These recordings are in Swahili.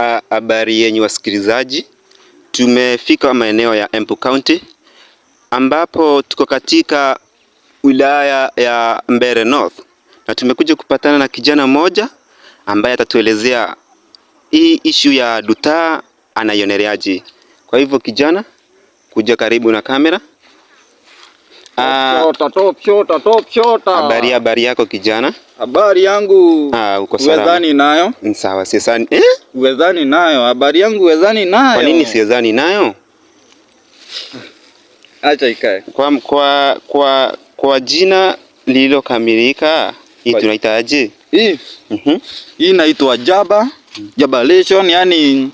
Ah, habari yenyu wasikilizaji, tumefika maeneo ya Embu County ambapo tuko katika wilaya ya Mbeere North na tumekuja kupatana na kijana mmoja ambaye atatuelezea hii ishu ya Duta anaioneleaje. Kwa hivyo kijana, kuja karibu na kamera Chota, top chota, top chota. Habari, habari yako kijana? Habari yangu Ah, uko salama? Wezani nayo? Sawa, siwezani. Eh? Wezani nayo. Habari yangu wezani nayo. Kwa nini siwezani nayo? Acha ikae. Kwa, kwa, kwa, kwa jina lililokamilika hii tunaitaje? Hii. Mhm. Mm Hii inaitwa Jaba Jabalation, yani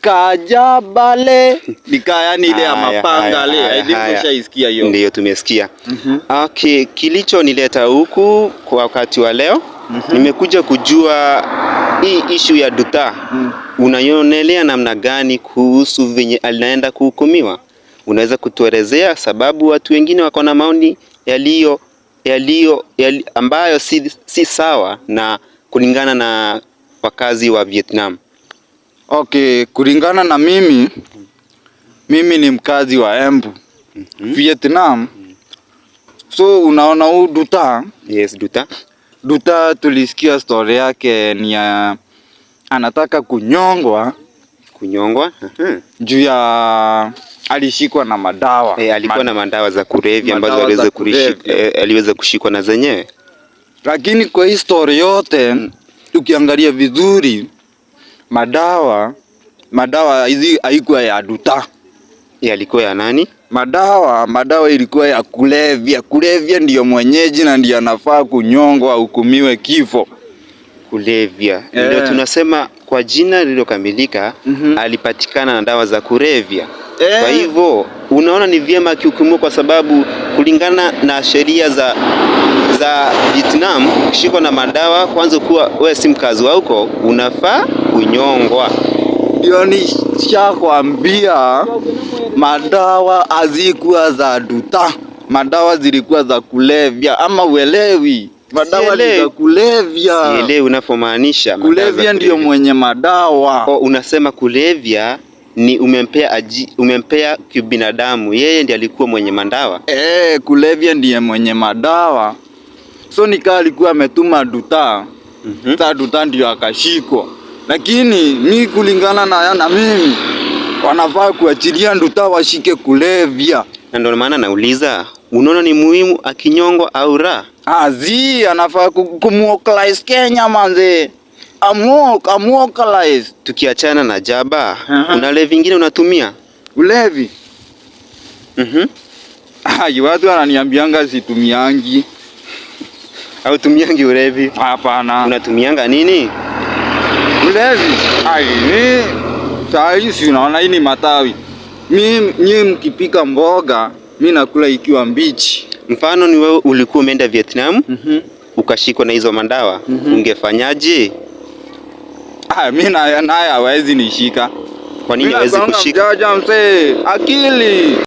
Kajabale nika yani ile ya mapanga ile hiyo ndio tumesikia. mm -hmm. Okay, kilichonileta huku kwa wakati wa leo mm -hmm. nimekuja kujua hii ishu ya Duta mm. unaionelea namna gani kuhusu venye alinaenda kuhukumiwa? Unaweza kutuelezea sababu watu wengine wako na maoni yaliyo yaliyo ambayo si, si sawa na kulingana na wakazi wa Vietnam. Okay, kulingana na mimi, mimi ni mkazi wa Embu mm -hmm. Vietnam mm -hmm. So unaona huu Duta? Yes, Duta. Duta tulisikia story yake ni ya anataka kunyongwa kunyongwa juu ya alishikwa na madawa hey, eh, alikuwa Mad... na madawa za kulevya ambazo aliweza kurishika, eh, aliweza kushikwa na zenyewe, lakini kwa hii story yote mm. Ukiangalia vizuri Madawa madawa hizi haikuwa ya duta, yalikuwa ya nani? Madawa madawa ilikuwa ya kulevya. Kulevya ndiyo mwenyeji na ndiyo anafaa kunyongwa, ahukumiwe kifo. Kulevya eh. ndio yeah. Tunasema kwa jina lililokamilika mm -hmm. Alipatikana na dawa za kulevya yeah. Kwa hivyo unaona ni vyema akihukumiwa, kwa sababu kulingana na sheria za za Vietnam, ukishikwa na madawa, kwanza kuwa wewe si mkazi wa huko unafaa kunyongwa. Ndio nishakwambia, madawa hazikuwa za duta, madawa zilikuwa za kulevya. Ama uelewi? Madawa ni za kulevya. Sielewi unafomaanisha kulevya. Ndio mwenye madawa. O, unasema kulevya ni umempea aji, umempea kibinadamu, yeye ndiye alikuwa mwenye madawa e, kulevya ndiye mwenye madawa. So nikaa alikuwa ametuma duta mm -hmm. Sa duta ndio akashikwa lakini mi kulingana na yana mimi wanafaa kuachilia nduta washike kulevya, na ndio maana nauliza, unaona ni muhimu akinyongwa au ra Azi ah, anafaa kumwokalize Kenya manze. Amwok, amwokalize. Tukiachana na jaba, uh -huh. Una levi vingine unatumia? Ulevi. Mhm. Mm, watu wananiambianga situmiangi. Au tumiangi ulevi? Hapana. Unatumianga nini? mlezi aini saisi, unaona hii ni matawi. Mimi nyie mkipika mboga mi nakula ikiwa mbichi. Mfano ni wewe ulikuwa umeenda Vietnam mm -hmm. ukashikwa na hizo madawa mm -hmm. ungefanyaje? Ah, mi naye hawezi nishika. Kwa nini hawezi kushika? mse akili